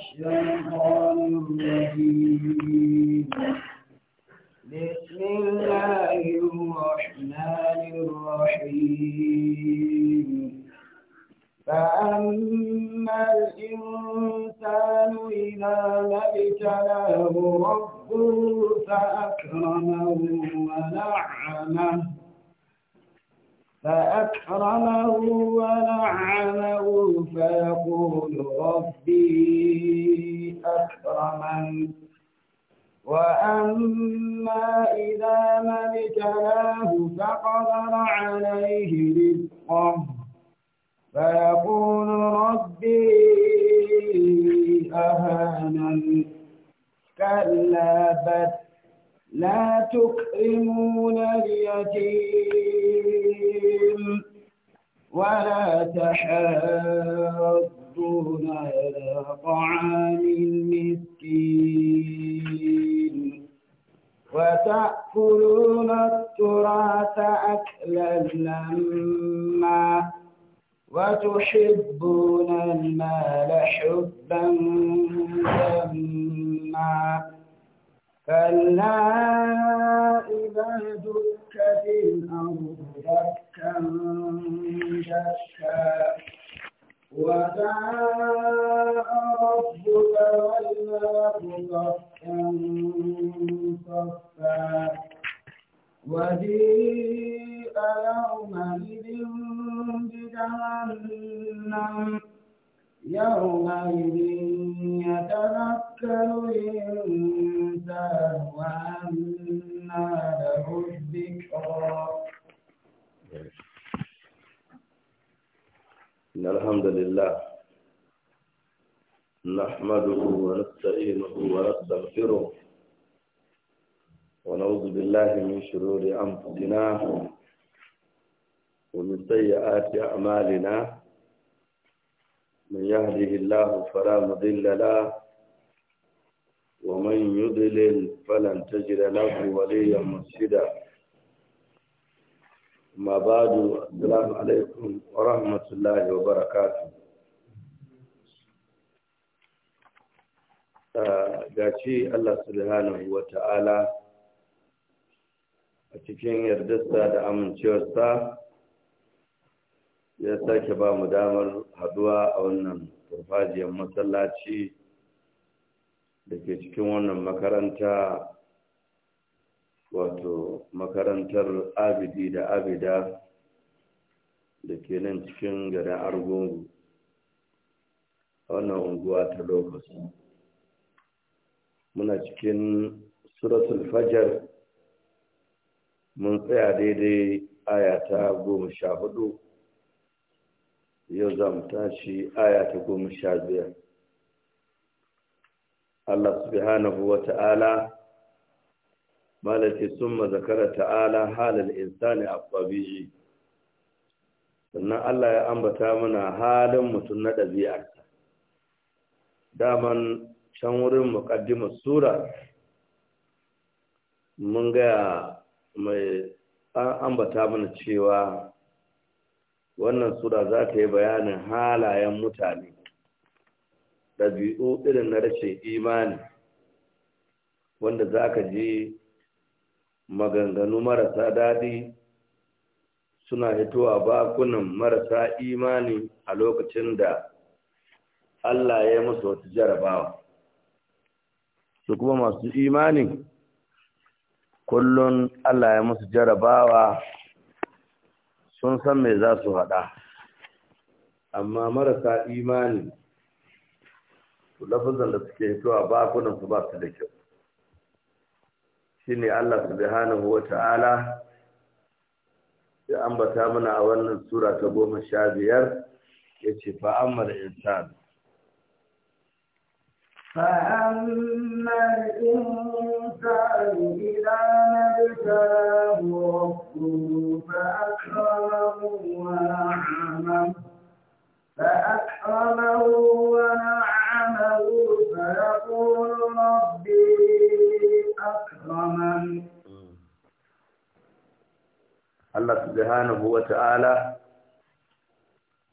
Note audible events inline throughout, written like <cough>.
الشيطان الرجيم أكرمه ونعمه فيقول ربي أكرمن وأما إذا ما ابتلاه فقدر عليه رزقه فيقول ربي أهانن كلا بل لا تكرمون اليتيم ولا تحاضون على طعام المسكين وتأكلون التراث أكلا لما وتحبون المال حبا لما كلا إذا دكت الأرض دكا دكا وجاء ربك والملك صفا صفا وجيء يومئذ بجهنم يومئذ يتذكر يذكر الإنسان وأنا له الذكرى إن الحمد لله نحمده ونستعينه ونستغفره ونعوذ بالله من شرور أنفسنا ومن سيئات أعمالنا من يهده الله فلا مضل له ومن يضلل فلن تجد له وليا مرشدا ما بعد السلام عليكم ورحمة الله وبركاته gashi Allah subhanahu wa ta'ala a cikin yardarsa da amincewarsa ya sake ba mu damar haduwa a wannan farfajiyar masallaci da ke cikin wannan makaranta wato makarantar abidi da abida da ke nan cikin garin argungu wannan unguwa ta lokaci muna cikin suratul fajar mun tsaya daidai aya ta goma sha hudu yau za mu tashi aya ta goma sha biyar Allah subhanahu wa ta'ala malati summa zakara ta'ala halin insani a ƙwabi'i sannan Allah ya ambata mana halin mutum na ɗabi'arsa daman can wurin muƙaddimar sura mun gaya mai an ambata mana cewa wannan sura za ta yi bayanin halayen mutane ɗabi'u irin na rashin imani wanda za ka ji maganganu marasa daɗi suna hitowa bakunan marasa imani a lokacin da Allah ya musu wata jarabawa su kuma masu imani kullum Allah ya musu jarabawa sun san me za su haɗa amma marasa imani to lafazan da suke hitowa bakunan su ba su da kyau shine Allah subhanahu wata'ala ya ambata mana a wannan sura ta goma sha biyar ya ce fa'ammar insan فأما الإنسان إذا ما ابتلاه ربه فأكرمه ونعمه فأكرمه ونعمه آمنوا فيقول ربي أكرمن الله سبحانه وتعالى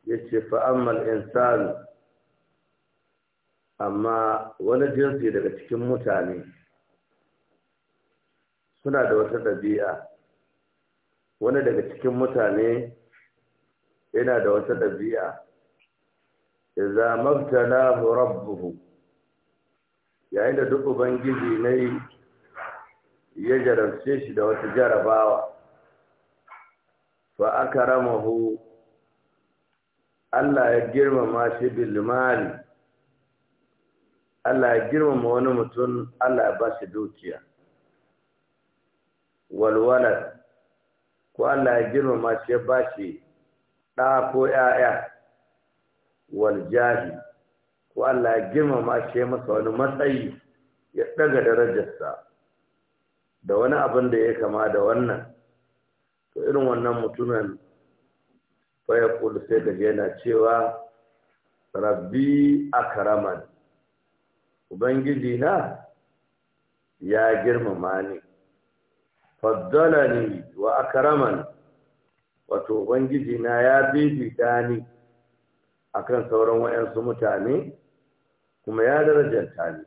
yace fa'ammal insanu amma wani jinsi daga cikin mutane suna da wata ɗabi'a wani daga cikin mutane yana da wata ɗabi'a idza mabtalahu rabbuhu yayin da duk ubangiji ne ya jarabce shi da wata jarabawa fa akramahu Allah ya girmama shi bil mali Allah ya girmama wani mutum Allah ya ba shi dukiya walwala ko Allah ya girmama shi ya ba shi ɗa ko ‘ya'ya Waljahi, jahi ko Allah ya girmama shi masa wani matsayi ya daga darajarsa da wani abin da ya kama da wannan to irin wannan mutumin faya kulu sai gaji yana cewa rabbi akraman ubangiji na ya girmama ni faddalani wa akraman wato ubangiji na ya ta ni akan sauran wayansu mutane kuma ya darajanta ne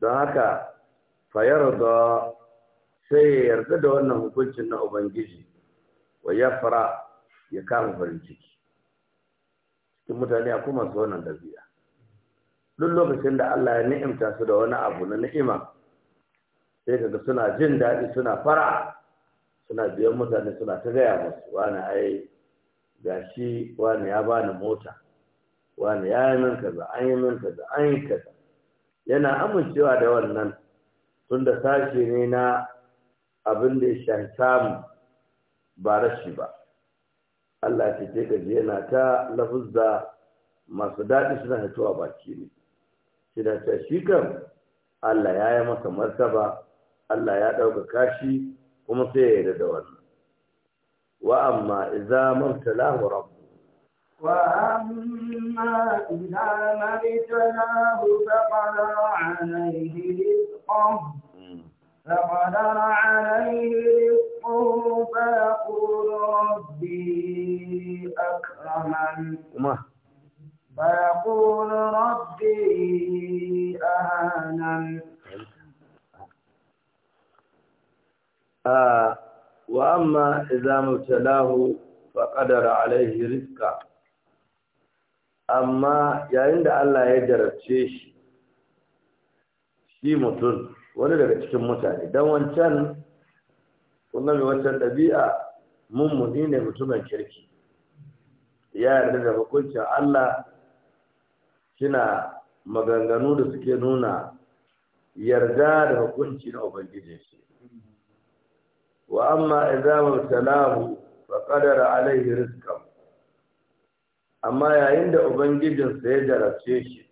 don haka fayarda sai ya yarda da wannan hukuncin na ubangiji wa ya fara ya kama farin ciki cikin mutane a kuma su wannan dabi'a duk lokacin da Allah ya ni'imta su da wani abu na ni'ima sai daga suna jin daɗi suna fara suna biyan mutane suna ta gaya musu wani ai ga shi wani ya bani mota wani ya yi min kaza an yi min kaza an yi kaza yana amincewa da wannan tun da sashe ne na abin da ya shan samu ba rashi ba Allah ce ce gaji yana ta da masu daɗi suna hitowa baki ne shi da ta shi kan Allah ya yi masa martaba Allah ya ɗauka kashi kuma sai ya yi da wannan وأما إذا ما ابتلاه ربه وأما إذا ما ابتلاه فقدر عليه رزقه فقدر عليه رزقه فيقول ربي أكرمن فيقول ربي أهانن آه wa amma idza mubtalahu fa qadara alaihi amma yayin da Allah ya jarabce shi shi mutum wani daga cikin mutane dan wancan kuma mai wancan ɗabi'a mummuni ne mutumin kirki ya yarda da hukuncin Allah kina maganganu da suke nuna yarda da hukunci na Ubangiji shi wa amma izamar salahu wa kadara alaihi amma yayin da ubangijinsa ya jarabce shi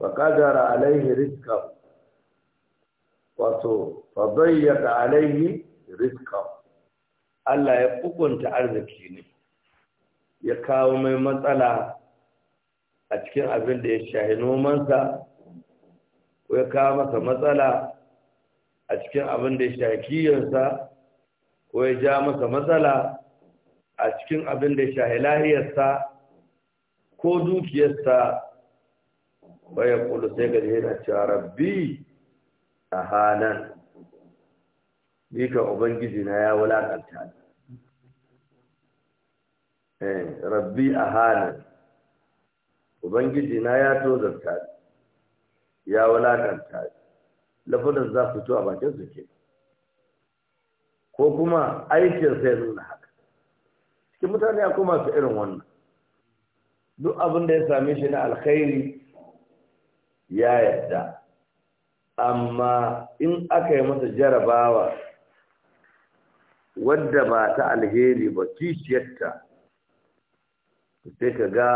wa kadara alaihi rizkan wato fa bayyana alaihi rizkan Allah ya hukunta arziki ne ya kawo mai matsala a cikin abin da ya shahi nomansa ko ya kawo masa matsala a cikin abin da yansa ko ya ja masa matsala a cikin abin da shahi lahiyarsa ko dukiyarsa bayan ya kulu sai ga na cewa rabbi a hanan nika ubangiji na ya wulakanta eh, rabbi a hanan ubangiji na ya tozarta ya wulakanta lafudan za su to a bakin su ke ko kuma aikin sai nuna haka cikin mutane kuma su irin wannan duk abin da ya same shi na alkhairi ya yarda amma in aka yi masa jarabawa wadda ba ta alheri ba kishiyarta sai ka ga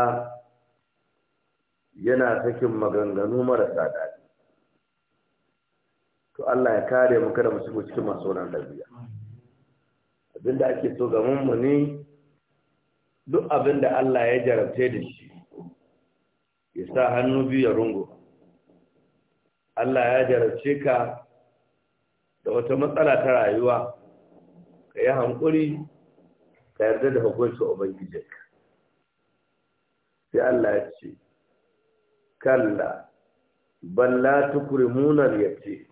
yana sakin maganganu marasa daɗi to Allah ya kare mu kada mu shigo cikin masu wannan dabi'a abinda ake so ga mun ne duk abinda Allah ya jarabce da shi ya sa hannu biyu ya rungo Allah ya jarabce ka da wata matsala ta rayuwa ka yi hankuri ka yarda da hukunci ubangijinka sai Allah ya ce kalla balla tukrimunar yace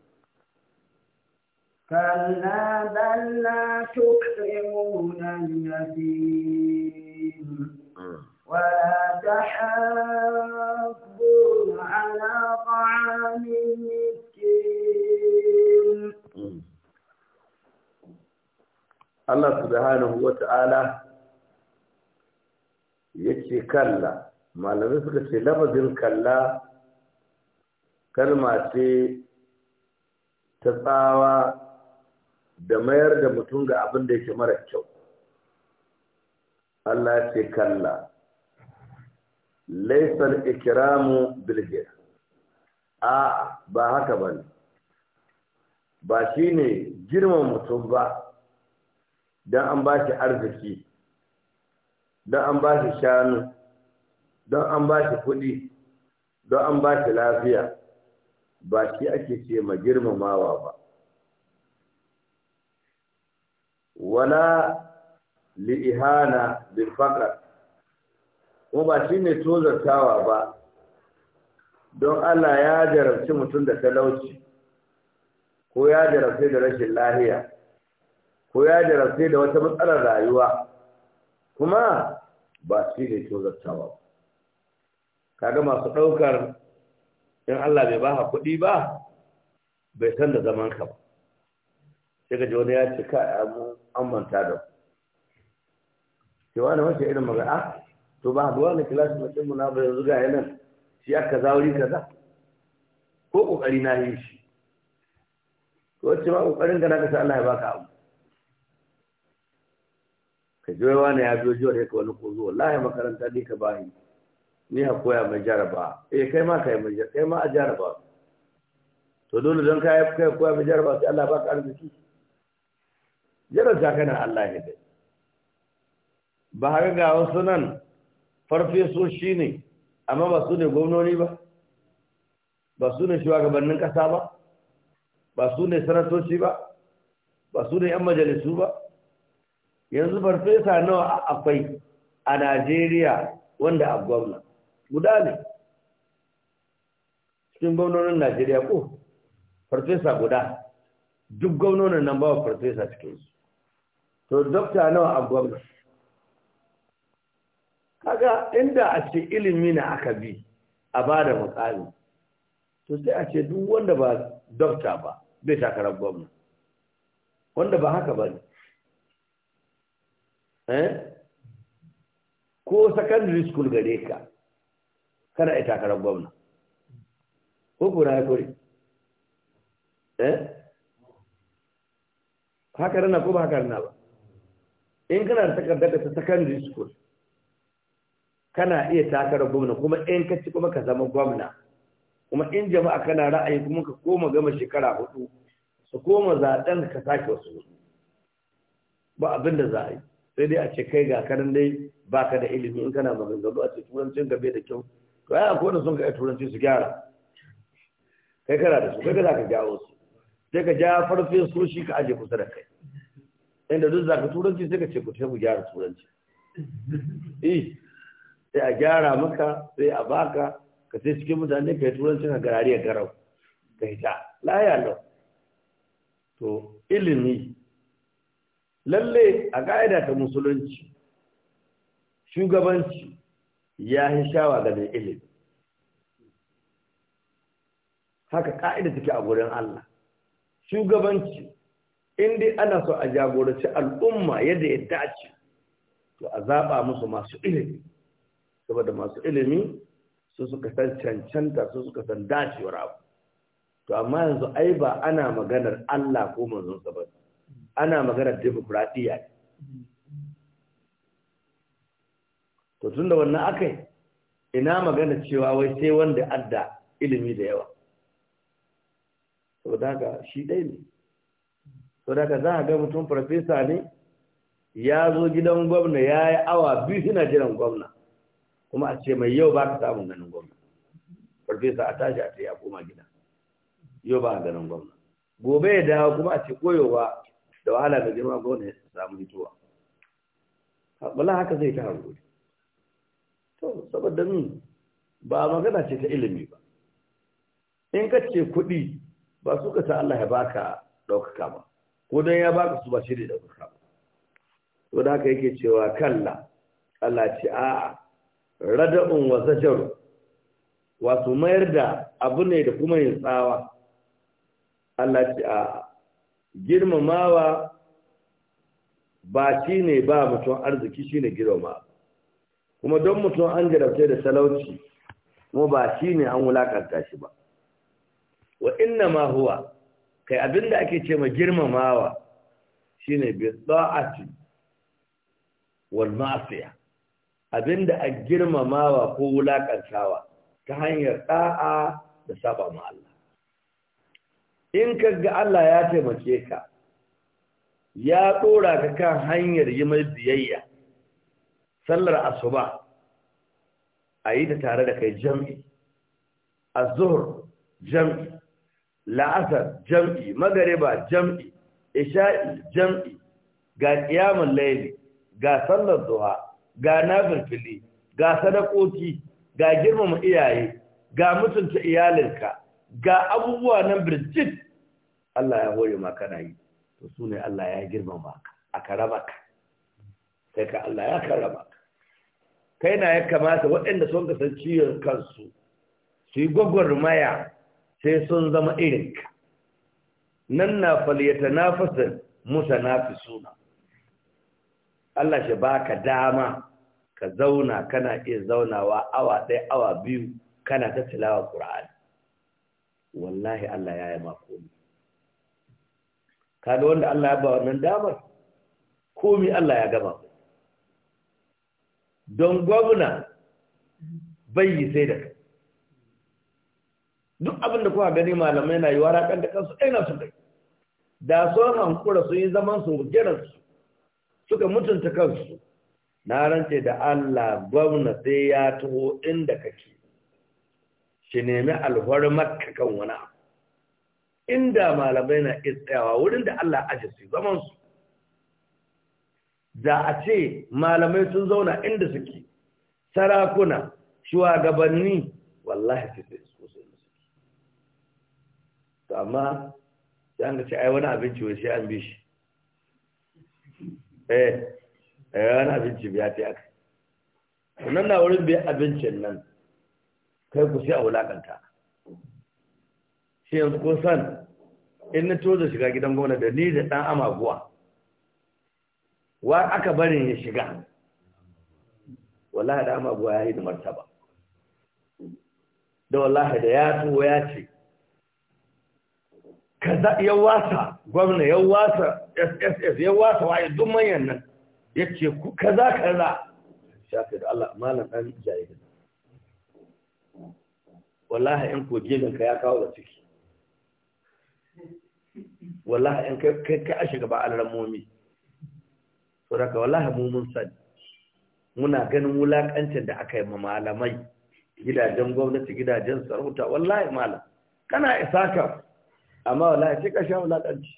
كلا بل لا تكرمون اليتيم ولا تحاضون على طعام المسكين Allah subhanahu wa ta’ala ya ce kalla, malamai suka ce labazin kalla kalma ce ta tsawa da mayar da mutum ga abin da yake mara kyau Allah ce kalla laisar ikiramu bilgir a ba haka ba ne ba shi ne girman mutum ba don an ba shi arziki don an ba shi shanu don an ba shi kuɗi don an ba shi lafiya ba shi ake ce ma girmamawa ba wala li'ihana bil faqr ko ba shine tozartawa ba don Allah ya jarabci mutum da talauci ko ya jarabce da rashin lahiya ko ya jarabce da wata matsalar rayuwa kuma ba shi ne tozartawa kaga masu ɗaukar in Allah bai ba kuɗi ba bai san da zaman ka ba sai ka ji wani ya ce ka mu an manta da ku cewa wani wace irin magana ah, to ba haɗuwa na kilasin mutum na ba yanzu ga yanan shi aka zauri kaza ko ƙoƙari na yi shi to wacce ma ƙoƙarin ka na ka sa Allah ya baka abu ka ji wai wani ya zo jiwa da ka wani ƙozo ya makaranta ne ka bayi ni ha koya mai jaraba eh kai ma kai mai kai ma a jaraba to dole don ka kai koya mai jaraba sai Allah ya baka arziki jarabta kana Allah ya dai ba haka ga wasu nan shi ne amma ba su ne gwamnoni ba ba su ne shugabannin kasa ba ba su ne sanatoci ba ba su ne 'yan majalisu ba yanzu farfesa nawa akwai a najeriya wanda a gwamna guda ne cikin gwamnonin najeriya ko farfesa guda duk gwamnonin nan ba farfesa cikinsu to dokta nawa a gwamna kaga inda a ce ilimi na aka bi a ba da mukami to sai a ce duk wanda ba dokta ba bai takarar gwamna wanda ba haka ba ne eh? ko secondary school gare ka kana ita takarar gwamna ko kura ya kori eh haka rana ko ba haka rana ba in kana da takardar ta secondary school kana iya takara gwamna kuma in ka ci kuma ka zama gwamna kuma in jama'a kana ra'ayi kuma ka koma gama shekara hudu su koma zaɗen ka sake wasu wasu ba abin da za a yi sai dai a ce kai ga kanan dai ba ka da ilimi in kana maganganu a ce turancin gabe da kyau to ya akwai da sun ga turanci su gyara kai kana da su kai ka za ka jawo su sai ka ja shi ka aje kusa da kai inda duk zaka turanci sai ka ce ku mu gyara turanci <laughs> eh sai a gyara maka sai a baka ka sai cikin mutane kai yi turanci ka garari ya garau ka hita laya lo to ilimi lalle a ka'ida ta musulunci shugabanci ya yi shawa ga mai ilimi haka ka'ida take a gurin Allah shugabanci in dai ana so a jagoranci al'umma yadda ya dace to a zaɓa musu masu ilimi saboda masu ilimi su suka san cancanta su suka san dacewar abu to amma yanzu ai ba ana maganar Allah ko manzon sa ba ana maganar demokradiyya to tunda wannan akai ina magana cewa wai sai wanda adda ilimi da yawa saboda haka shi dai ne to daga za a ga mutum farfesa ne ya zo gidan gwamna ya yi awa biyu suna jiran gwamna kuma a ce mai yau ba ka samun ganin gwamna farfesa a tashi a ce ya koma gida yau ba a ganin gwamna gobe ya dawo kuma a ce koyowa da wahala da girma gwamna ya samu hituwa wala haka zai ta hankali to saboda min ba magana ce ta ilimi ba in ka ce kuɗi ba su ka sa Allah ya baka ɗaukaka ba ko don ya baka su ba shi da baka to da haka yake cewa kalla Allah ce a'a rada'un wa zajaru wato mayar da abu ne da kuma yin tsawa Allah ce a'a girmamawa ba shi ne ba mutum arziki shi ne girma kuma don mutum an jarabta da talauci kuma ba shi ne an wulakanta shi ba wa inna ma huwa kai abin da ake ce ma girmamawa shine bi da'ati wal ma'siya da a girmamawa ko wulaƙantawa ta hanyar ɗa'a da saba ma Allah in ka ga Allah ya taimake ka ya dora ka kan hanyar yi mai biyayya sallar asuba a yi ta tare da kai jam'i azhur jam'i la'asar jam'i magariba jam'i isha'i jam'i ga ƙiyamun laili ga sallar duha ga nafirfili ga sadakoki ga girmama iyaye ga mutunta iyalinka ga abubuwa nan birjit Allah ya hore ma kana yi to su ne Allah ya girmama ka a karama ka sai ka Allah ya karama ka kai na ya kamata waɗanda sun kasance ciyar kansu su yi gwagwarmaya sai sun zama irinka nan na falyata nafasin musa fi suna Allah shi ba ka dama ka zauna kana iya zaunawa awa ɗaya awa biyu kana ta tilawa ƙura'ani wallahi Allah ya yi makomi kada wanda Allah ya ba wannan damar komi Allah ya gama don gwamna bai yi sai da ka. duk abin da kuka gani malamai na yi wara da kansu ɗaya na su kai da sun hankura sun yi zaman su su suka mutunta kansu na rance da Allah gwamna sai ya taho inda kake shi nemi alhwari maka kan wani abu inda malamai na tsayawa wurin da Allah aje su zaman su da a ce malamai sun zauna inda suke sarakuna shugabanni wallahi su amma sai an ce ai wani abinci wai sai an bi shi eh eh wani abinci biya ta aka sannan na wurin biya abincin nan kai ku sai a wulakanta shi yanzu kun san in na tozo shiga gidan gwamna da ni da ɗan amaguwa wa aka barin ya shiga wallahi da amaguwa ya yi da martaba da wallahi da ya tuwo ya ce kaza ya wasa gwamna ya wasa sss ya wasa waye duk manyan nan ya ce ku kaza kaza shafi da Allah malam dan jahilin wallahi in ko ka ya kawo da ciki wallahi in kai kai a shiga ba alramomi saboda wallahi mu mun sani muna ganin wulakancin da aka yi ma malamai gidajen gwamnati gidajen sarauta wallahi malam kana isa amma wala wallahi sai wala wulaƙanci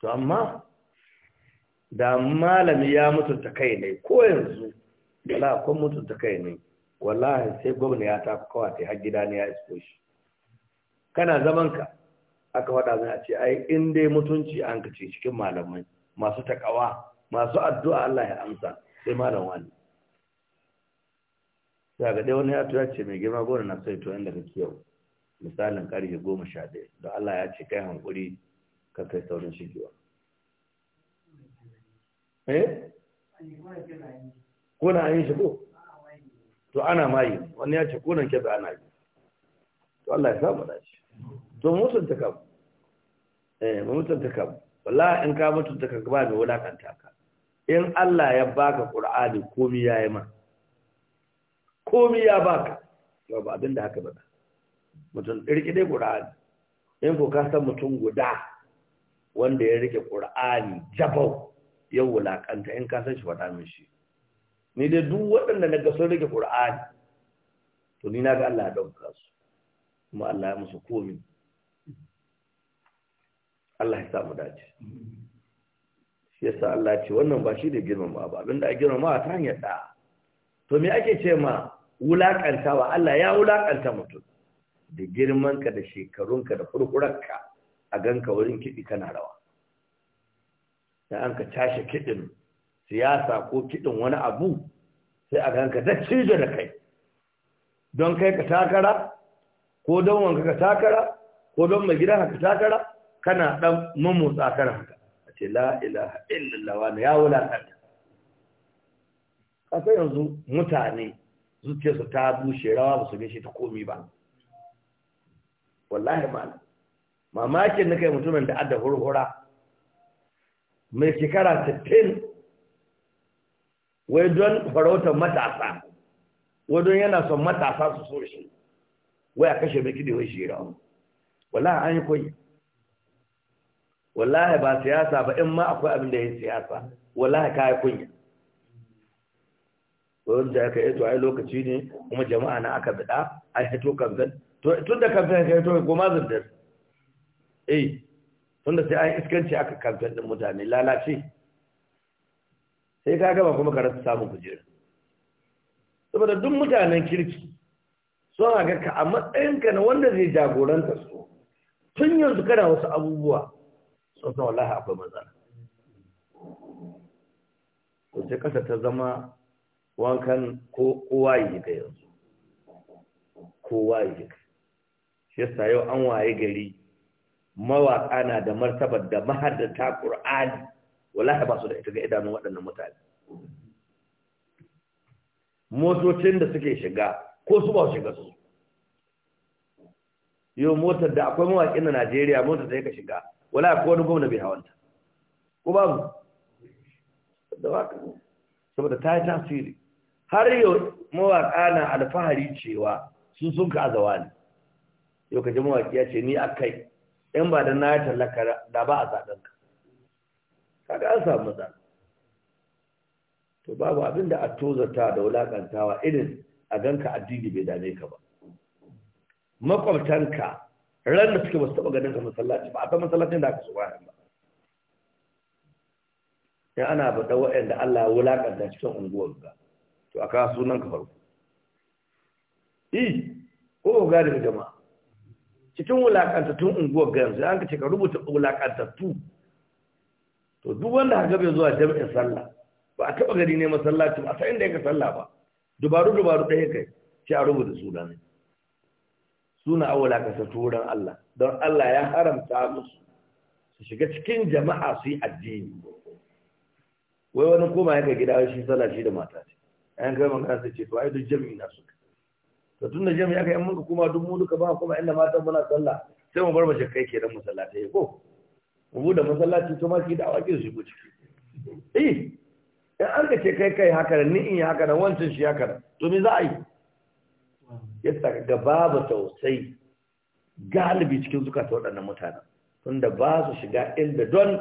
to amma da malami ya mutunta kai ne ko yanzu wala kun mutunta kai ne wallahi sai gwamna ya ta kawa ta har gida ne ya isko shi kana zaman ka aka faɗa zai a ce ai in dai mutunci an kace cikin malamai masu takawa masu addu'a Allah ya amsa sai malam wani sai ga dai wani ya tura ce mai girma gona na sai to inda kake yau misalin karfe goma sha ɗaya da Allah ya ce kai hankuri ka kai saurin shigewa eh kuna yin shi ko to ana mayi wani ya ce kunan kebe ana yi to Allah ya samu shi. to mutunta kam eh mutunta kam wala in ka mutunta ka ba mai wulakanta ka in Allah ya baka Qur'ani komi ya yi ma komi ya baka to ba abinda haka ba mutum ɗirƙiɗe ƙura'ani in ko ka san mutum guda wanda ya rike ƙura'ani jabau yau wulaƙanta in ka san shi faɗa min shi ni dai duk waɗanda na ga rike ƙura'ani to ni na ga Allah ya ɗauka su kuma Allah ya musu komi Allah ya samu dace shi yasa Allah ce wannan ba shi da girmama ba abinda a girmama ta hanyar da to me ake ce ma wulaƙantawa Allah ya wulaƙanta mutum da girmanka da shekarunka da ka a ganka wurin kiɗi kana rawa da an ka tashi kiɗin siyasa ko kiɗin wani abu sai a ganka ta cije da kai don kai ka takara ko don wanka ka takara ko don mai gidan ka takara kana ɗan mamotsa kana haka a ce la ilaha illallah wani ya wulaƙanta kasar yanzu mutane su ta bushe rawa ba su gaishe ta komi ba wallahi ma'ana. mamakin na kai mutumin da adda hurhura mai shekara 60 wai don farautar matasa wai don yana son matasa su so shi wai a kashe mai kiɗi wai shi rawa wallahi an yi koyi wallahi ba siyasa ba in ma akwai abin da ya siyasa wallahi ka yi kunya wanda ya aka to ai lokaci ne kuma jama'a na aka bida yi hito kan zan tun da kamfen kai to goma zurdar eh tun da sai an iskanci aka kamfen din mutane lalace sai ka gaba kuma ka rasa samun kujera saboda duk mutanen kirki sun ga ka a ka na wanda zai jagoranta su tun yanzu kana wasu abubuwa so sai wallahi akwai matsala ko sai kasa ta zama wankan kowa yi ka yanzu kowa yi ka shi yasa yau an waye gari mawaƙa na da martabar da mahaddata ƙur'ani wallahi ba su da ita ga idanun waɗannan mutane motocin da suke shiga ko su ba su shiga su yau motar da akwai mawaƙin na Najeriya motar da ka shiga wallahi akwai wani gwamna bai hawanta ko babu da waka saboda ta yi tasiri har yau mawaƙa na alfahari cewa sun sun ka azawa ne yau ka ji mawaƙi ya ce ni a kai in ba da na ya tallaka da ba a zaɗen ka kaga an samu matsala to babu abin da a tozata da wulaƙantawa irin a ganka addini bai dame ka ba makwabtanka ran da suke basu taɓa ganin ka masallaci ba a ta masallacin da aka suwa ba in ana faɗa waɗanda Allah ya wulaƙanta cikin unguwar ga to a kawo sunan ka farko i ko ga daga jama'a cikin wulakantattun unguwar ga yanzu an ka ce ka rubuta wulakantattu to duk wanda haka bai zuwa jami'in sallah ba a taɓa gari ne masallaci ba a san inda yake sallah ba dubaru dubaru ɗaya kai sai a rubuta suna ne suna a wulakantattu wurin Allah don Allah ya haramta musu su shiga cikin jama'a su yi addini wai wani koma yaka gida shi sallah shi da mata ce an kai magana sai ce to ai duk jami'i na suka to tun da jami'a kai mun kuma duk mu duka ba kuma inda matan muna sallah sai mu bar bace kai ke da masallatai ko mu da masallaci to ma ki da awaki su shigo ciki eh in an ka ce kai kai haka ni in yi haka da wancan shi haka to me za a yi yasa ga babu tausayi galibi cikin suka zukata waɗannan mutanen tunda ba su shiga inda don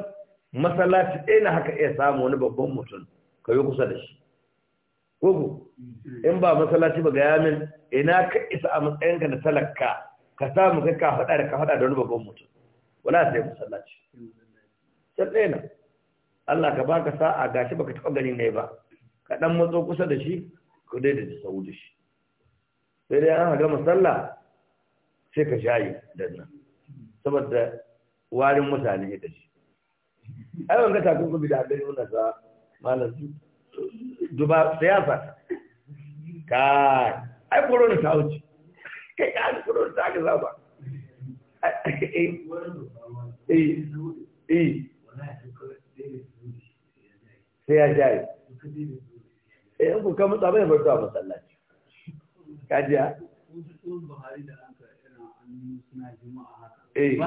masallaci ɗaya na haka iya samu wani babban mutum ka yi kusa da shi gugu in ba masallaci ba ga yamin ina ka isa a matsayinka da talaka ka samu kai ka faɗa da ka faɗa da wani babban mutum wala sai masallaci sai ɗaya Allah ka baka sa'a gashi baka taɓa gani ne ba ka ɗan matso kusa da shi ku dai da sau da shi sai dai an haga masalla sai ka shayi da nan saboda warin mutane ya dashi ai wanda takun ku bi da hadari wannan za, malam duba siyasa kai ai corona ta wuce k'e ka ai corona ta ga zaba eh, eh eh eh sai ya jaye eh ku kama tsaba ya farko a masallaci kajiya eh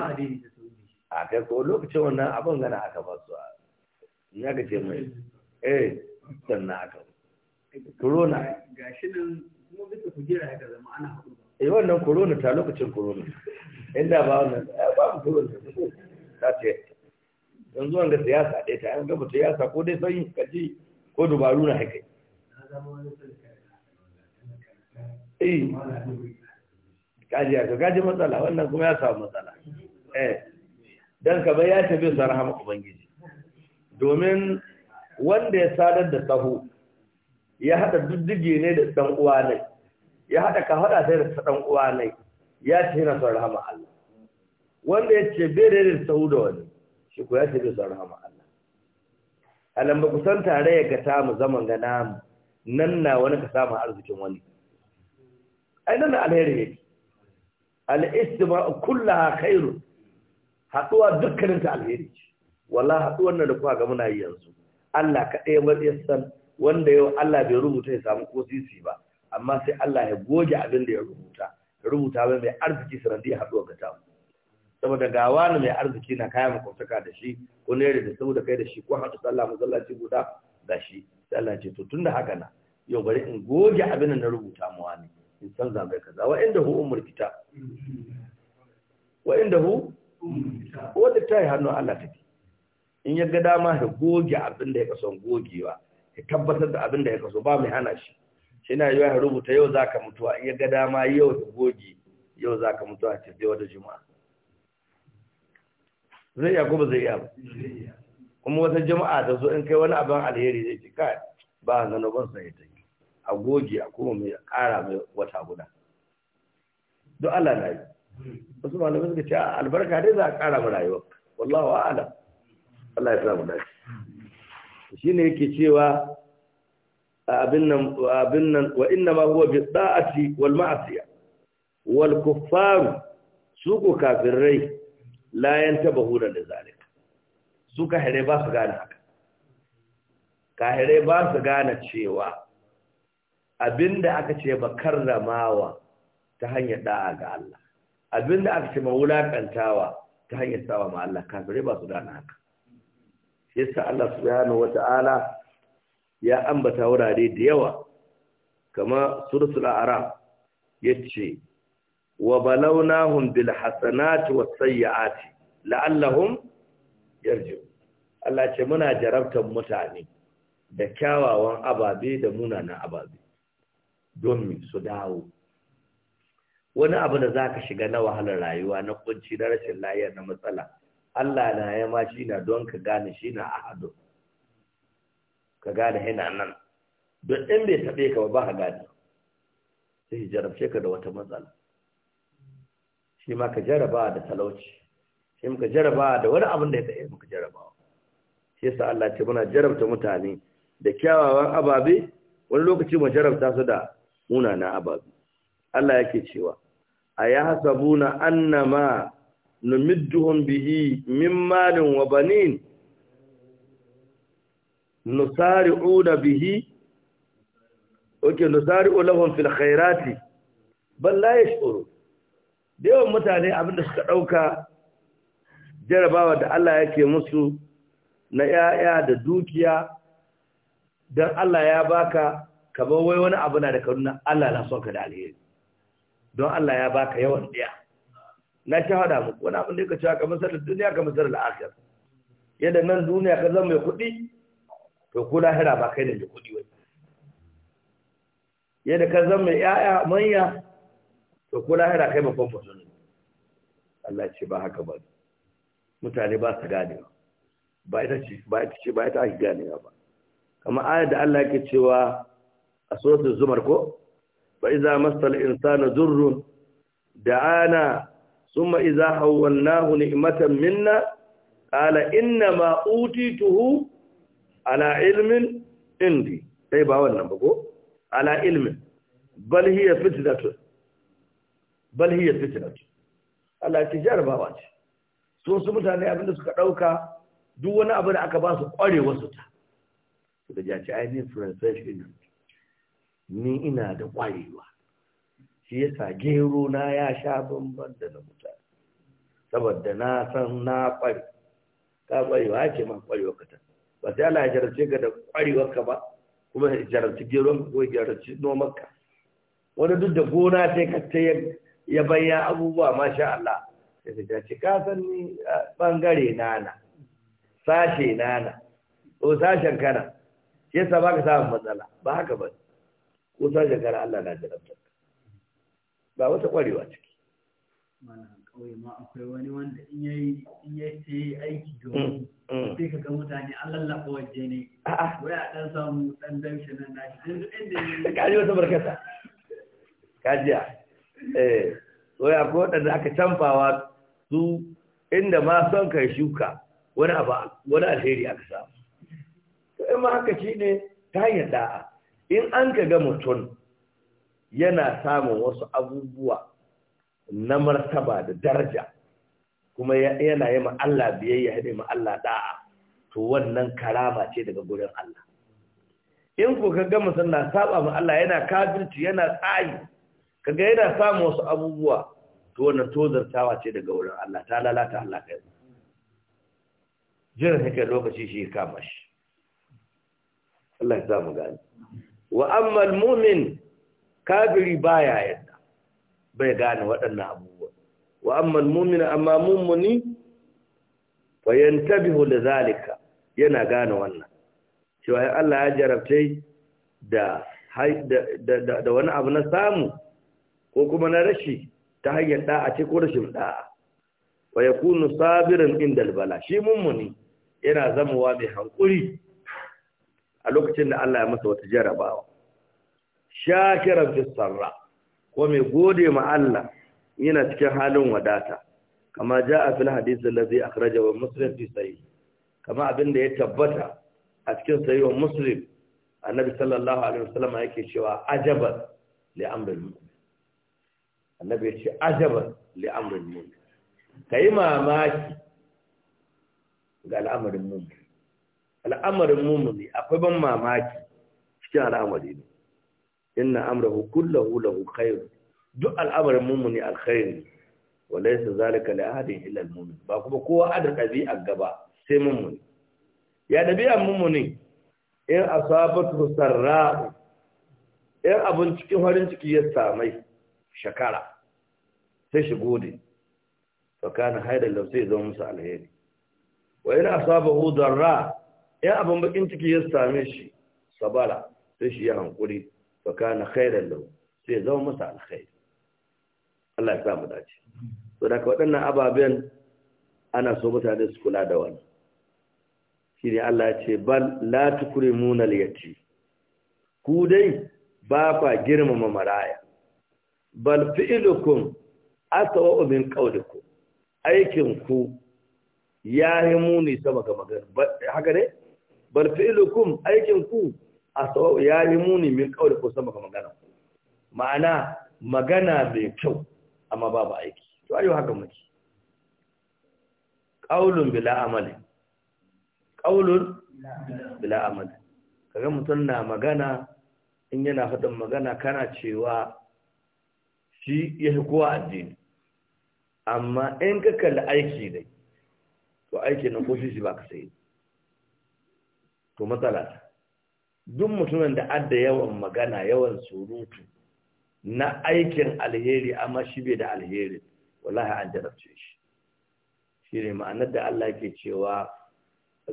a kai ko lokacin wannan abin gana aka ba su a ya ga ce mai eh sannan aka corona gashi nan kuma bisa kujera haka zama ana haɗu eh wannan corona ta lokacin corona inda ba wannan eh, ba mu corona ta ce yanzu wanda siyasa ɗaya ta siyasa ko dai sanyi kaji ko dubaru na haka eh kaji kaji matsala wannan kuma ya samu matsala eh dan ka bai ya tafi sa rahama ubangiji domin wanda ya sadar da sahu ya hada diddige ne da dan uwa ne ya hada ka hada sai da dan uwa ne ya ce na son rahama Allah wanda ya ce bai da sahu da wani shi ko ya ce bai son rahama Allah alam ba kusan tare ya ga mu zaman ga namu nan na wani ka samu arzikin wani ai nan alheri ne al-istima'u kullaha khairun haɗuwa dukkanin ta alheri ce wallahi haɗuwar nan da kuka ga muna yi yanzu Allah kaɗai ya san wanda yau Allah bai rubuta ya samu ko sisi ba amma sai Allah ya goge abin da ya rubuta ya rubuta bai mai arziki sanadi ya haɗu a gata saboda ga wani mai arziki na kaya makwabtaka da shi ko ne da saboda kai da shi ko haɗu sallah masallaci guda da shi sai Allah ce to da haka na yau bari in goge abin da na rubuta mu wani in san mai kaza wa inda hu Umar kita wa inda hu wanda ta yi hannun Allah take in ya ga dama ya goge abin da ya kaso gogewa ya tabbatar da abin da ya kaso ba mai hana shi shi na yiwuwa ya rubuta yau za ka mutuwa in ya ga dama yau ya goge yau za ka mutuwa ta je wata juma'a zai iya ko ba zai iya ba kuma wata jama'a da zo in kai wani abin alheri zai ce kai ba a nan ban sai ta yi a goge a kuma mai kara mai wata guda don Allah na yi wasu malamai suka ce albarka dai za a kara mu rayuwa wallahu a'lam Allah ya sa mu dace ne yake cewa abin nan abin nan wa inna ma huwa bi da'ati wal ma'asiya wal kuffaru su ko kafirai la bahu da zalika. su ka hare ba su gane haka Ka hare ba su gane cewa abinda aka ce ba karramawa ta hanyar da'a ga Allah abinda aka ce ma wulakantawa ta hanyar sawa ma Allah kafirai ba su gane haka yasa Allah subhanahu wata'ala ya ambata wurare da yawa kama suratul a'raf yace wa balawnahum bil hasanati was sayyiati la'allahum yarji'u Allah ce muna jarabtar mutane da kyawawan ababe da munanan ababe don su dawo wani abu da zaka shiga na wahalar rayuwa na kunci na rashin lafiya na matsala Allah na ya ma shi na don ka gane shi na ahadu ka gane yana nan don in bai taɓe ka ba ka gane sai jarabce ka da wata matsala shi ma ka jaraba da talauci shi ka jaraba da wani abin da ya tsaye ka jarabawa shi sa Allah ce muna jarabta mutane da kyawawan ababe wani lokaci mu jarabta su da munana ababe Allah yake cewa a ya hasabuna annama numidduhum bihi min malin wa banin nusari'una bihi oke nusari'u lahum fil khairati bal la yash'uru da yawan mutane abinda suka ɗauka jarabawa da Allah yake musu na yaya da dukiya dan Allah ya baka kamar wai wani abu na da karuna Allah na son da alheri don Allah ya baka yawan daya na mu. muku wani abin da ka ci kamar sarar duniya kamar sarar akhir yadda nan duniya ka zama mai kuɗi to ko lahira ba kai ne da kuɗi wai yadda ka zama mai ƴaƴa manya to ko lahira kai ba kwamfa Allah ce ba haka ba mutane ba su gane ba ita ce ba ita ce ba ita ake gane ba kamar ayar da Allah yake cewa a suratul zumar ko ba iza masal insana durrun da'ana ثم إذا حولناه نعمة منا minna, إنما أوتيته على علم عندي أي باوان نبقو على علم بل هي فتنة bal hiya fitnat Allah ta jarabawa mutane abinda suka ɗauka duk wani abu da aka ba su kwarewa su ta suka ji a ce ai ni ina da kwarewa shi yasa gero na ya sha bambam da na mutane saboda na san na kware ka kwarewa ce ma kware ka ta ba sai Allah ya jarabce ka da kwarewar ka ba kuma ya jarabci gero ka ko ya jarabci noman ka wani duk da gona sai ka ta ya bayan abubuwa masha Allah sai ka ce ka san ni bangare nana sashe nana ko sashen kana yasa ba ka samun matsala ba haka ba ko sashen kana Allah na jarabta ba wata ƙwarewa ciki wani wanda in yi aiki mm, domin mm. ka ga mutane an lallaba waje ne wai a ɗan samu ɗan damshi nan nashi ɗan duk inda wata barkata kajiya eh. wai wadanda aka canfawa su inda ma son kai shuka wani alheri aka samu to in ma ta hanyar da'a in an ka ga mutum yana samun wasu abubuwa na martaba da daraja kuma yana yi Allah biyayya haɗe ma Allah da'a to wannan karama ce daga gudun Allah in ku ka gama saba ma Allah yana kafirci yana tsayi kaga yana samun wasu abubuwa to wannan tozartawa ce daga wurin Allah ta lalata Allah kai jira haka lokaci shi kama shi Allah ya zama gani wa amma al-mu'min kafiri baya yadda bai gane waɗannan abubuwa wa amma mu'mina amma mu'mini fa yantabihu li zalika yana gane wannan cewa Allah ya jarabce da da wani abu na samu ko kuma na rashi ta hanyar ɗa'a ce ko rashin da wa yakunu sabirin inda bala shi mummuni yana zamawa mai hankuri a lokacin da Allah ya masa wata jarabawa shakira fi sarra ko mai gode ma Allah yana cikin halin wadata kama jaa fil hadith allazi akhrajahu muslim fi sahih kama abinda ya tabbata a cikin sahih muslim annabi sallallahu alaihi wasallam yake cewa ajaban li amril mu'min annabi ya ce ajaban li amril mu'min kai mamaki ga al'amarin mu'min al'amarin mu'min akwai ban mamaki cikin al'amari ne inna amrahu kullahu lahu khair duk al'amarin mummuni alkhairi wa laysa zalika li ahadin illa almu'min ba kuma kowa adar dabi'a gaba sai mummuni ya dabi'a mummuni in asabatu sarra in abun cikin harin ciki ya samai shakara sai shi gode fa kana haidan law sai zama musu alheri wa in asabahu darra in abun bakin ciki ya same shi sabara sai shi ya hankuri fa kana khairan lahu sai zama masa alkhairi Allah ya sa mu dace to daga waɗannan ababen ana so mutane su kula da wani. Shi ne Allah ya ce bal la tukrimuna al-yatim ku dai ba fa girmama maraya bal fi'lukum aswa min qawlikum aikin ku yayi muni sama ga magana haka ne bal fi'lukum aikin ku asawau ya yi muni min kawai ko sama ga magana ma'ana magana mai kyau amma babu aiki to ayo haka muke qaulun bila amali qaulun bila amali kaga mutum na magana in yana fadin magana kana cewa shi ya kowa addini amma in ka kalli aiki dai to aiki na ko shi ba ka sai to matsala ta duk mutumin da adda yawan magana yawan surutu na aikin alheri amma shi bai da alheri wallahi an jarabce shi shi ne ma'anar da Allah ke cewa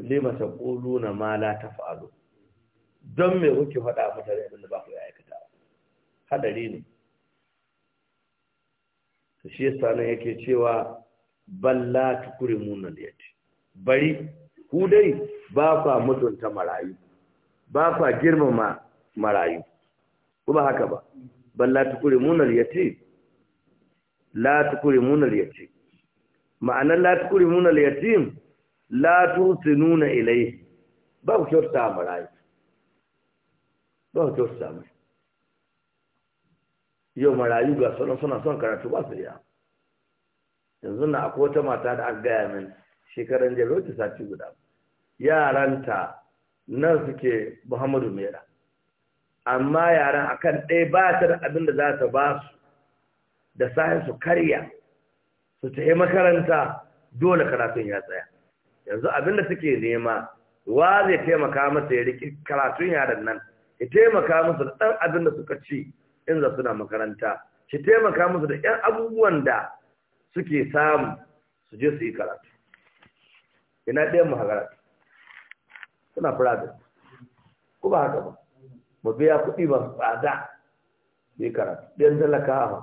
lima taquluna ma la taf'alu don me kuke faɗa mutane abin da ba ku aikata hadari ne shi yasa nan yake cewa balla munan liyati bari ku dai ba ku mutunta marayu ba fa girmama marayu ko ba haka ba balla tukuri munal yati la tukuri munal yati ma'anar la tukuri munal yatim la tusununa ilayhi ba ku kyauta marayu ba ku kyauta mai yau marayu ga sauran suna son karatu ba su iya yanzu na akwai wata mata da aka gaya min shekaran jami'a ta sati guda yaranta nan suke muhammadu mera amma yaran akan ɗaya ba ta da abin da za ta ba su da sahin su karya su tafi makaranta dole karatun ya tsaya yanzu abin da suke nema wa zai taimaka masa ya riƙi karatun yaran nan ya taimaka musu da ɗan abin da suka ci in za suna makaranta shi taimaka masa da ‘yan abubuwan da suke samu su je su yi karatu ina ɗayan mu suna private ko ba haka ba mu biya kuɗi ba, masu tsada ne karatu ɗan talakawa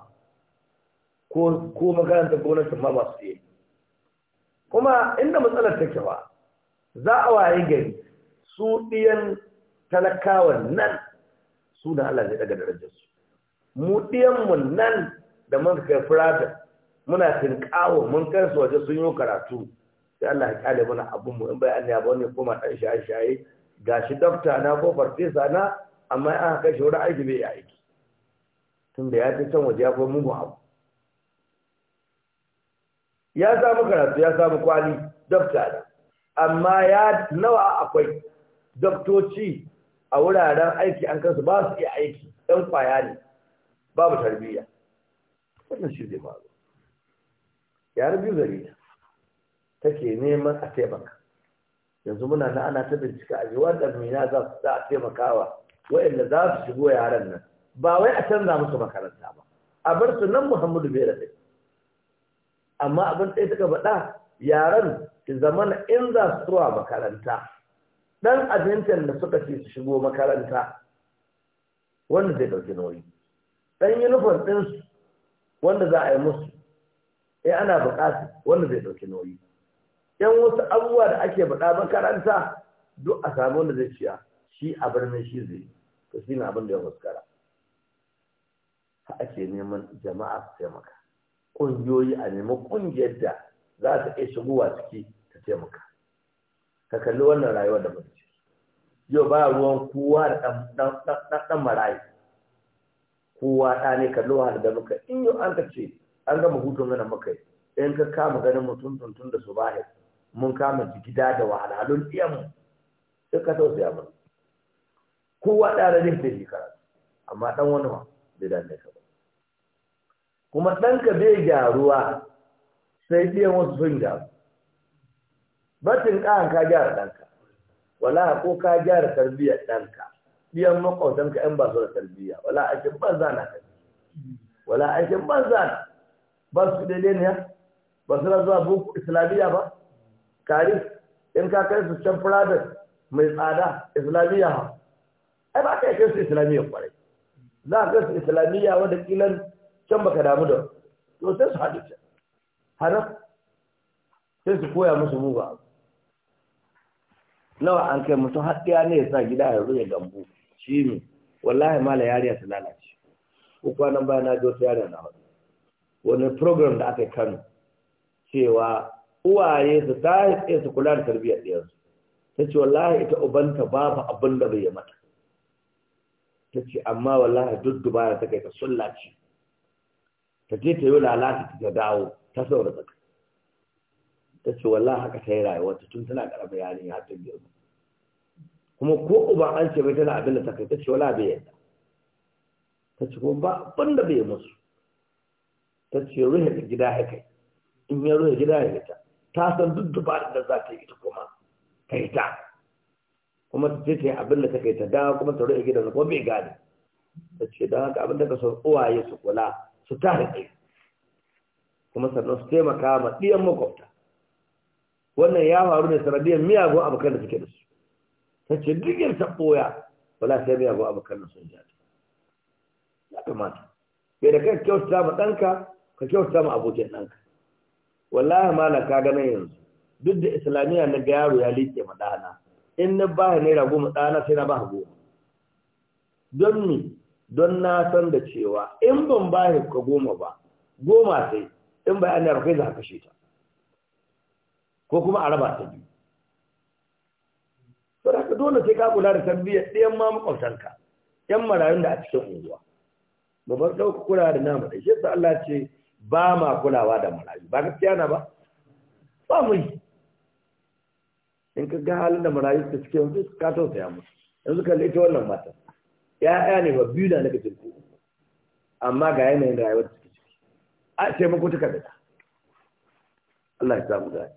ko ko makarantar gwamnati ma ba su yi kuma inda matsalar take ba za a waye gari su ɗiyan talakawan nan su da Allah zai daga darajarsu mu ɗiyanmu nan da muka kai firada muna tinkawo mun kai su waje sun yi karatu sai Allah ya kyale mana abin mu in bai Allah ya ba wani koma dan shaye shaye gashi dokta na ko farfesa na amma an kai shi wurin aiki bai aiki tun da ya ta can waje ya koyi mugun abu ya samu karatu ya samu kwali dokta da amma ya nawa akwai doktoci a wuraren aiki an kansu ba su iya aiki dan kwaya ne babu tarbiyya wannan shi zai faru ya rabi Zari ta take neman a taimaka yanzu muna na ana ta bincika a ji wannan mina za su sa a taimakawa waɗanda za su shigo yaran nan ba wai a canza musu makaranta ba a bar su nan muhammadu bai rabe amma abin ɗaya suka faɗa yaran zama zamana in za su zuwa makaranta ɗan abincin da suka ce su shigo makaranta wanda zai ɗauki nauyi ɗan yunifon ɗinsu wanda za a yi musu eh ana buƙatar wanda zai ɗauki nauyi yan wasu abubuwa da ake faɗa makaranta duk a samu wanda zai ciya shi a birnin shi zai to shi na abin da ya fuskara ha ake neman jama'a su taimaka ƙungiyoyi a nemi ƙungiyar da za ta iya shigowa ciki ta taimaka ka kalli wannan rayuwar da muke yau ba ruwan kowa da ɗan marayi kowa ɗa ne kalli da muka in yau an ka ce an gama hutun maka muka in ka kama ganin mutum tuntun da su bahi mun kama gida da wahalhalun iyanmu ka tausaya mana kowa ɗara zai fi karatu amma ɗan wani ma da dame ka ba kuma ɗanka bai gyaruwa sai biyan wasu sun gyaru batin ƙahan ka gyara ɗanka wala ko ka gyara tarbiyyar ɗanka biyan makwautanka ‘yan ba su da tarbiyya wala aikin banza na kai wala aikin banza ba su daidai ne ba su zuwa boko islamiyya ba kari in ka kai su can private mai tsada islamiyya ha ai ba ka kai su islamiyya kwarai za ka kai su islamiyya wanda kilan can baka damu da to sai su haɗu can hana sai su koya musu muga abu nawa an kai mutum haɗiya ne ya sa gida ya ruya gambu shi ne wallahi mala yariya ta lalace ko kwanan bayan na ji wata yariya na haɗu wani program da aka yi kano cewa uwaye su tashi tsaye su kula da tarbiyyar ɗiyarsu ta ce wallahi ita ubanta babu abin da bai yi mata ta ce amma wallahi duk dubara ta kai ta sulla ce ta je ta yi lalata ta dawo ta sau da tsaka ta ce wallahi haka ta yi rayuwa ta tun tana karama yarin ya ta girma kuma ko uba an ce bai tana abin da ta kai ta ce wallahi bai yadda ta ce kuma ba abin da bai musu ta ce ruhe da gida ya kai in ya ruhe gida ya fita ta san duk dubarin da za ta yi ita kuma ta yi ta kuma ta ce ta yi abin da ta kai ta dawo kuma ta rufe gidan kuma bai gane ta ce don haka abin da ka so uwaye su kula su ta haƙe kuma sannan su taimaka ma ɗiyan makwabta wannan ya faru ne sanadiyar miyagun abokan da suke da su ta ce duk yin ɓoya wala sai miyagun abokan da sun ja ya kamata bai da kai kyautata ma ɗanka ka kyautata ma abokin ɗanka wallahi mala ka nan yanzu duk da islamiyya na ga yaro ya liƙe ma ɗana in na ba naira goma ɗana sai na ba goma don ni don na san da cewa in ban ba ya ka goma ba goma sai in ba ya rufe za ka ta ko kuma a raba ta biyu to da dole sai ka kula da tarbiyyar ɗayan ma makwabtanka yan marayun da a cikin unguwa babban ɗauka kula da namu da shi Allah ce ba ma kulawa da marayu ba gaskiya na ba ba mu yi in ka ga halin da marayu ta cikin yanzu ka tausaya musu yanzu kalli ita wannan mata ya'ya ne ba biyu da nake gajin amma ga yanayin rayuwar da suke ciki a ce taimako ta kaga Allah ya samu gani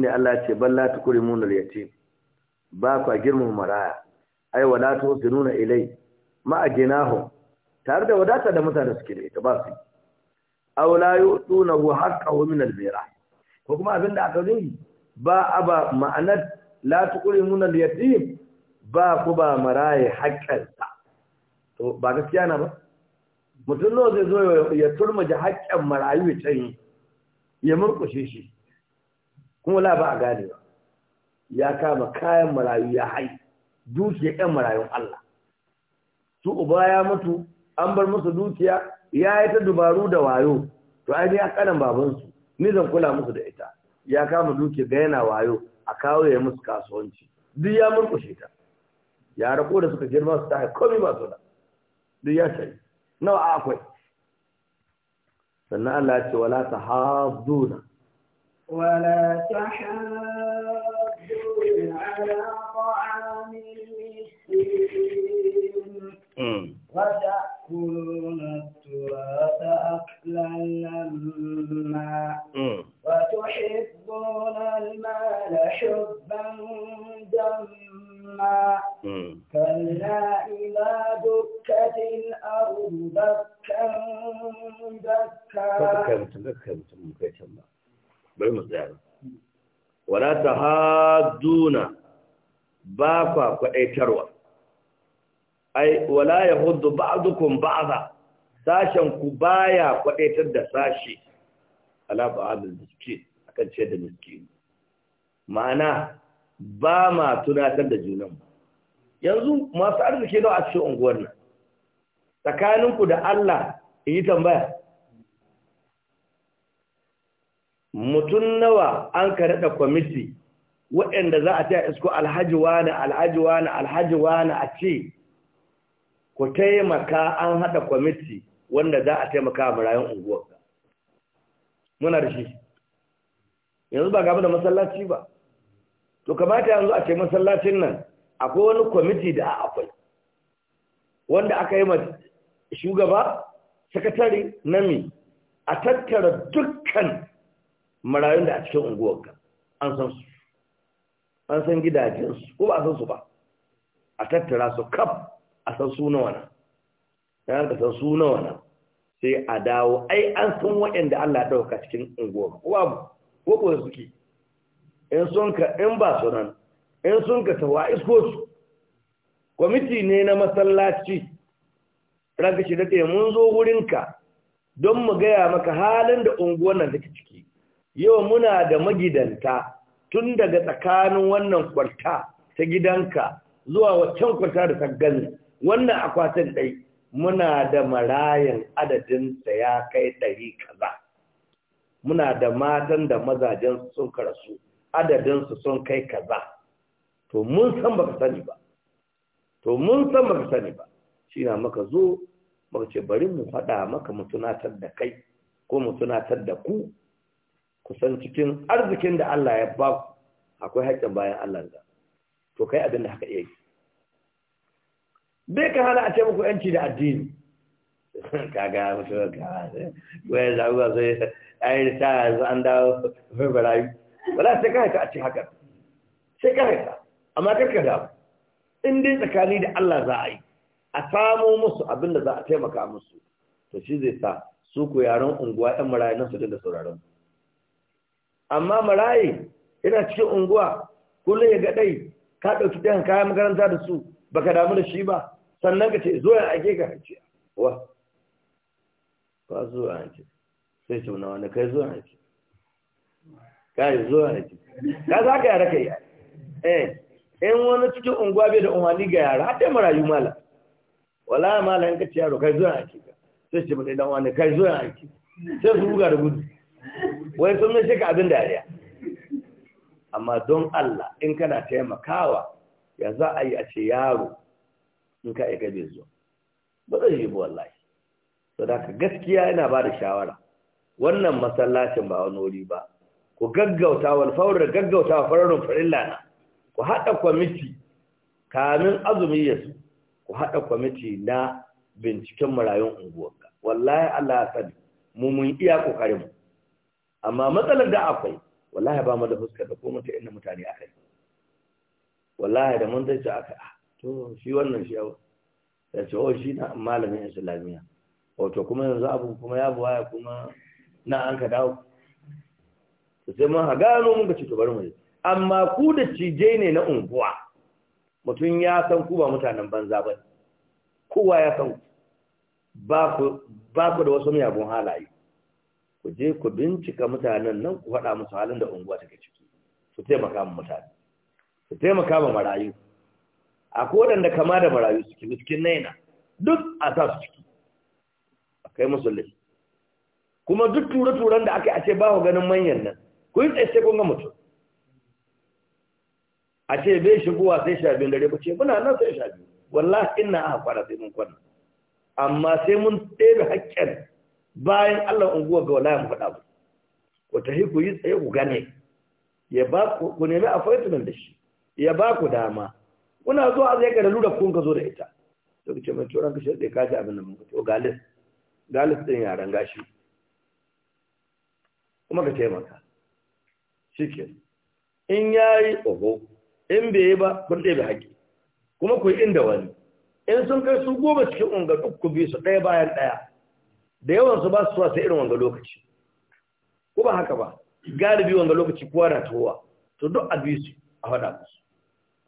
ne Allah ya ce balla tukrimunul yatim ba kwa girmu maraya ai wala nuna ilai ma ajinahu tare da wadata da mutane suke da ita ba su aw la yu'tunahu haqqahu min al-mira ko kuma abinda aka nuni ba aba ma'anar la tuqrimuna al-yatim ba ku ba marai haƙƙinsa to ba gaskiya na ba mutum nawa zai zo ya turmaje haƙƙin marayu ya can ya murƙushe shi kuma la ba a gane ba ya kama kayan marayu ya hai dukiya ƴan marayun Allah su uba ya mutu an bar musu dukiya ya yi ta dubaru da wayo to ai ne a kanan babansu ni zan kula musu da ita ya kama duke ga yana wayo a kawo ya musu kasuwanci duk ya murkushe ta ya rako da suka girma su ta komai ba su da duk ya shayi nawa akwai sannan Allah ya ce wala tahazuna ولا تحاضون ala طعام المسكين وتأتون يأكلون التراث أكلا لما وتحبون المال حبا جما كلا إلى دكت الأرض دكا دكا دكا دكا دكا ولا تهادون بافا kwa kwadaitarwa ai wala yahuddu ba'dukum ba'dha sashen ku baya kwadaitar da sashi ala ba'dul miskin akan ce da miskin ma'ana ba ma tunatar da junan yanzu masu arziki nawa a cikin unguwar nan ku da Allah yi tambaya mutum nawa an kare da kwamiti waɗanda za a ta isko alhaji wani alhaji wani alhaji wani a ce ku taimaka an haɗa kwamiti wanda za a taimaka a marayun unguwarka muna da shi yanzu ba gaba da masallaci ba to kamata yanzu a ce masallacin nan akwai wani kwamiti da akwai wanda aka yi shugaba sakatare nami a tattara dukkan marayun da a cikin unguwarka an san su an san gidajensu ko ba a san su ba a tattara su kaf a san su nawa na ya ka san su nawa na sai a dawo ai an san waɗanda Allah ya dauka cikin unguwa babu ko ko suke in sun ka in ba su nan in sun ka tawa isko su kwamiti ne na masallaci ranka shi da mun zo wurin ka don mu gaya maka halin da unguwar nan take ciki yau muna da magidanta tun daga tsakanin wannan kwarta ta gidanka zuwa waccan kwarta da ta gani wannan akwatin dai muna da marayan adadinsa ya kai ɗari kaza muna da matan da mazajen sun karasu adadinsu sun kai kaza to mun san baka sani ba to mun san baka sani ba shi na maka zo maka ce bari mu faɗa maka mu tunatar da kai ko mu tunatar da ku kusan cikin arzikin da Allah ya ba ku akwai haƙƙin bayan Allah da to kai abin da haka iya yi bai ka hana a ce muku yanci da addini <laughs> kaga mutu kawa wai zaɓuwa sai a yi ta yanzu an dawo mai wala sai ka haika a ce haka sai ka haika amma karka ba. in dai tsakani da Allah za a yi a samo musu abin da za a taimaka musu to shi zai sa su ku yaron unguwa ɗan marayu nan su dinga sauraron amma marayi yana cikin unguwa kullum ya ga ɗai ka ɗauki ɗayan kayan makaranta da su baka damu da shi ba sannan ka ce zuwa a ake ka ce wa ba zuwa a ce sai ce na wani kai zuwa ya ce kai zuwa a ce ka za ka yara yi eh in wani cikin unguwa bai da umarni ga yara hatta marayu mala wala mala in ka ce yaro kai zuwa a ce sai ce mutai dan wani kai zuwa a ce sai su buga da gudu wai sun ne shi ka abin dariya amma don Allah in kana taimakawa ya za a yi a ce yaro in ka aika bai zuwa ba zai yi wallahi to da gaskiya yana ba da shawara wannan masallacin ba wani wuri ba ku gaggauta wal da gaggauta fararun farilla na ku hada kwamiti kamin azumi ya su ku hada kwamiti na binciken marayun unguwarka wallahi Allah ya sani mu mun iya kokarin mu amma matsalar da akwai wallahi ba mu da fuskar da komai inda mutane akai wallahi da mun zai aka to shi wannan shi yau ya ce o oh, shi na malamin islamiyya wato kuma yanzu abu kuma ya buwaya kuma na an ka dawo sai mun gano ka ci tubar mu amma ku da cije ne na unguwa mutum ya san ku ba mutanen banza ba kowa ya san ba ku ba ku da wasu miyagun halaye ku je ku bincika mutanen nan ku faɗa musu halin da unguwa take ciki su taimaka mu mutane su taimaka mu marayu akwai waɗanda kama da marayu suke miskin naina duk a sa su ciki a kai musulmi kuma duk tura turan da aka yi a ce ba ganin manyan nan ku yi tsaye sai kun ga mutum a ce bai shigowa sai sha biyun dare ba ce muna nan sai sha biyu wallahi ina aka kwana sai mun kwana amma sai mun ɗebe haƙƙen bayan Allah unguwa ga wala mu faɗa ku tafi ku yi tsaye ku gane ya ba ku nemi appointment da shi ya ba ku dama kuna zuwa zai ka da lura kun ka zo da ita to kace mai turan ka shirde ka ji abin da mun to galis galis din yaran gashi kuma ka taimaka shike in yayi oho in bai yi ba kun bai haƙi kuma ku inda wani in sun kai su goma cikin unga duk ku bi su ɗaya bayan ɗaya da yawan su ba su suwa sai irin wanga lokaci ko ba haka ba galibi wanga lokaci kowa na towa to duk a bi su a faɗa musu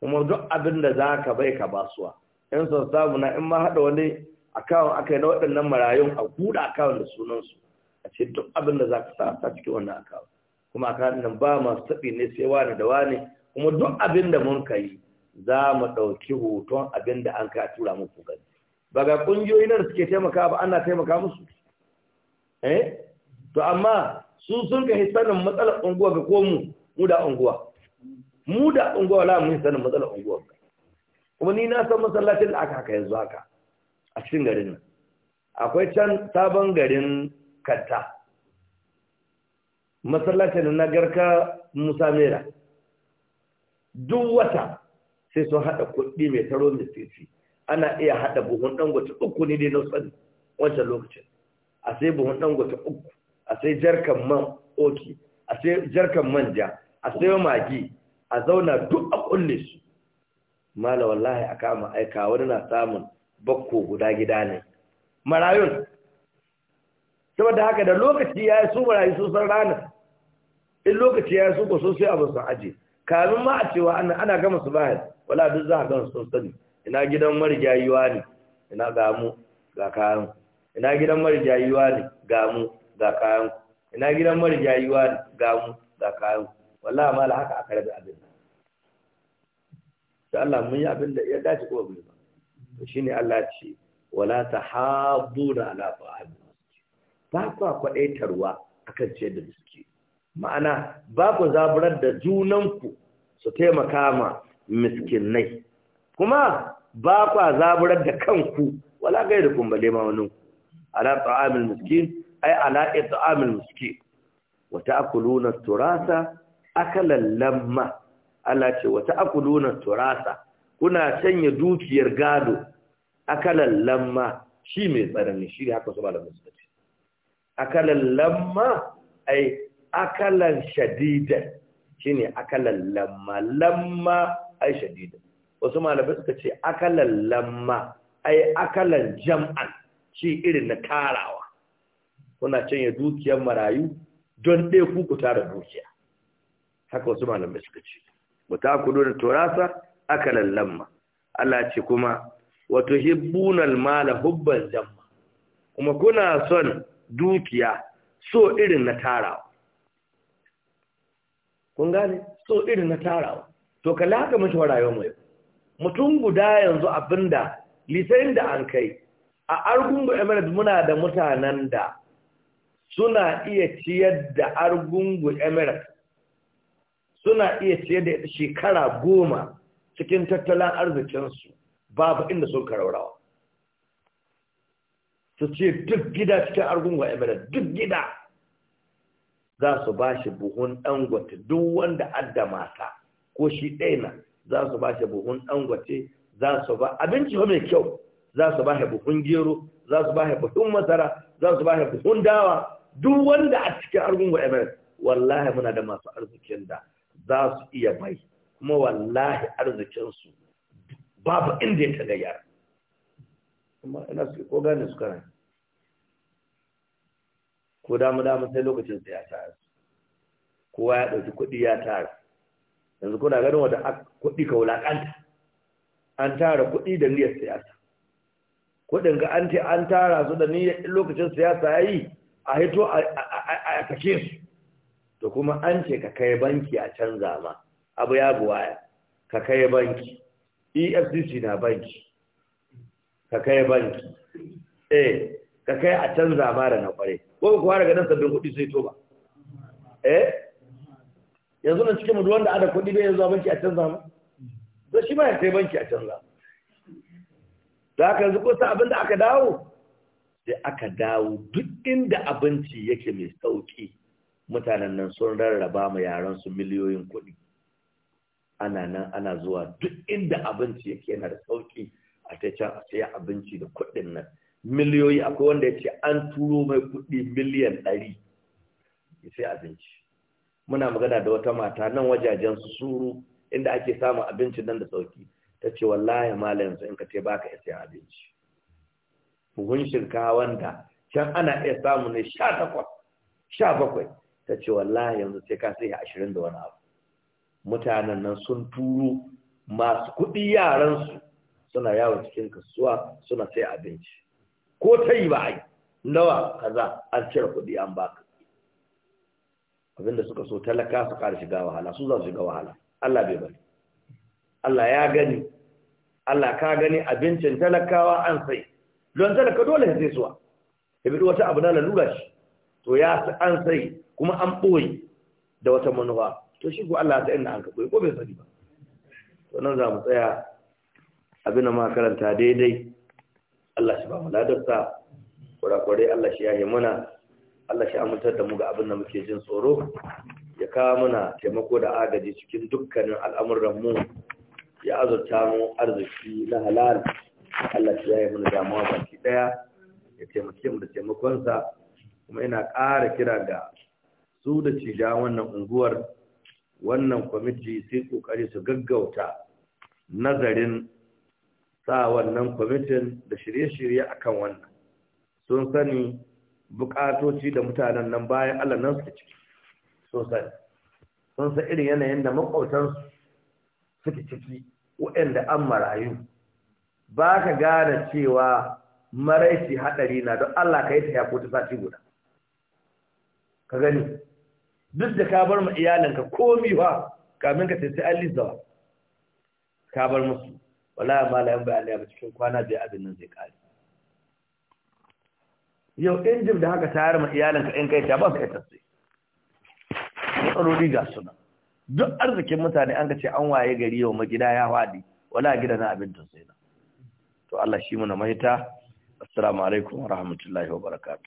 kuma duk abin da za ka bai ka basuwa yan son samu na in ma haɗa wani akawun aka yi na waɗannan marayun a buɗe akawun da sunansu a ce duk abin da za ka sa cikin wannan akawun kuma aka nan ba masu taɓi ne sai wani da wani kuma duk abin da mun kai za mu ɗauki hoton abin da an ka tura muku gani ba ga ƙungiyoyi na da suke taimaka ba ana taimaka musu eh to amma su sun ka sanin matsalar unguwa ga komu mu da unguwa mu da unguwa la mun sanin matsalar unguwar kuma ni na san masallacin da aka haka yanzu haka a cikin garin nan akwai can sabon garin kanta masallacin na garka musa mera duk wata sai sun haɗa kuɗi mai taro da titi ana iya haɗa buhun dangote uku ne dai na tsani wancan lokacin a sai buhun dangote uku a sai jarkan man oki a sai jarkan manja a sai magi a zauna duk a kulle su mala wallahi a kama aika wani na samun bakko guda gida ne marayun saboda haka da lokaci ya yi su marayu su san ranar in lokaci ya yi su ko sosai abin sun aje kamin ma a cewa ana gama su bayan wala duk za a gama sun sani ina gidan marigayuwa ne ina gamu ga kayan ina gidan marigayuwa ne gamu ga kayan ina gidan marigayuwa ne gamu ga kayan wallahi mala haka aka rabe abin nan da Allah mun yi abin da ya dace ko bai ba to shine Allah ya ce wala tahabuna ala ta'am ba kwa kwadaitarwa akan ce da suke ma'ana ba ku zaburar da junanku su taimaka ma miskinai kuma ba kwa zaburar da kanku wala gairi kun bale ma wani ala ta'amul miskin ai ala ta'amul miskin wa ta'kuluna turasa akalan lamma Allah ce wata akuluna turasa kuna sanya dukiyar gado akalan lamma shi mai tsarni shi haka su malamin suka ce akalan lamma ai akalan shadidan shine akalan lamma lamma ai shadidan wasu malamin suka ce akalan lamma ai akalan jam'an shi irin na karawa. kuna canye dukiyar marayu don ɗaya ku tara dukiya haka wasu malamai suka ce wata akudu da turasa aka lamma Allah ce kuma wato hibbunal mala hubban jamma kuma kuna son dukiya so irin na tarawa kun gane so irin na tarawa to ka laka mashi rayuwar mai mutum guda yanzu abinda lisayin da an kai a argungu emirates muna da mutanen da suna iya ciyar da argungu emirates suna iya ciyar da ita shekara goma cikin tattalin arzikinsu babu inda sun karaurawa su ce duk gida cikin argungun emirat duk gida za su ba shi buhun gwate duk wanda adda mata ko shi ɗaina za su ba shi buhun gwate, za su ba abinci mai kyau za su ba shi buhun gero za su ba shi buhun masara za su ba shi buhun dawa duk wanda a cikin argungun emirat wallahi muna da masu arzikin da za su iya mai kuma wallahi arzikinsu babu inda ya tagayyara kuma ina su ko gane su kana ko damu damu sai lokacin sai ya tara kowa ya ɗauki kuɗi ya tara yanzu kuna ganin wata kuɗi ka wulaƙanta an tara kuɗi da niyyar siyasa kuɗin ga an ce an tara su da niyyar lokacin siyasa ya yi a hito a kashe su to kuma an ce ka kai banki a canza ma abu ya buwaya ka kai banki efcc na banki ka kai banki eh ka kai a canza ma da na kware ko kuwa daga nan sabbin kuɗi sai to ba eh yanzu nan cikin mudu wanda ada kuɗi bai yanzu a banki a canza ma to shi ma ya kai banki a canza da haka yanzu ko sa abin da aka dawo sai aka dawo duk inda abinci yake mai sauki mutanen nan sun rarraba ma yaran su miliyoyin kuɗi ana nan ana zuwa duk inda abinci yake yana da sauki a ta can a saya abinci da kuɗin nan miliyoyi akwai wanda ya ce an turo mai kuɗi miliyan ɗari ya sai abinci muna magana da wata mata nan wajajen su suru inda ake samun abinci nan da sauki ta ce wallahi mala yanzu in ka ce baka ya sayan abinci buhun shinkawa wanda can ana iya samu ne sha takwas sha bakwai ta ce wallahi yanzu sai ka sai ashirin da wani abu mutanen nan sun turo masu kuɗi yaransu suna yawon cikin kasuwa suna sai abinci ko ta yi ba ai nawa kaza an cire kuɗi an baka abinda suka so talaka su ƙara shiga wahala su za su shiga wahala Allah bai bari Allah ya gani Allah ka gani abincin talakawa an sai don talaka dole sai suwa ya bi wata abu na lalura shi to ya an sai kuma an ɓoye da wata manufa to shi ko Allah ta inda an ka ɓoye ko bai sani ba to nan za mu tsaya abin da ma karanta daidai Allah shi ba mu ladarsa kurakurai Allah shi yahe mana. Allah shi amintar da mu ga abin da muke jin tsoro ya kawo mana taimako da agaji cikin dukkanin al'amuran mu ya azurta mu arziki na halal Allah shi yahe muna damuwa baki daya ya taimake mu da taimakonsa kuma ina ƙara kira ga su da cija wannan unguwar wannan kwamiti sai kokari su gaggauta nazarin sa wannan kwamitin da shirye-shirye akan wannan sun sani bukatoci da mutanen nan bayan Allah nan ciki sosai sun san irin yanayin da makwautansu suke ciki waɗanda an marayu ba ka gane cewa maraici haɗari na don Allah ka yi ta yako ta sati guda ka gani duk da ka bar ma iyalinka komi ba kamin ka sai an lizawa ka bar musu wallahi malayan bayani ba cikin kwana biya abin nan zai kare yau injin da haka tayar ma iyalinka in kai ta ba su ita sai matsaloli ga suna duk arzikin mutane an ka ce an waye gari yau magida ya wadi wala gida na abin sai na to Allah shi mu na mahita assalamu alaikum wa rahmatullahi wa barakatuh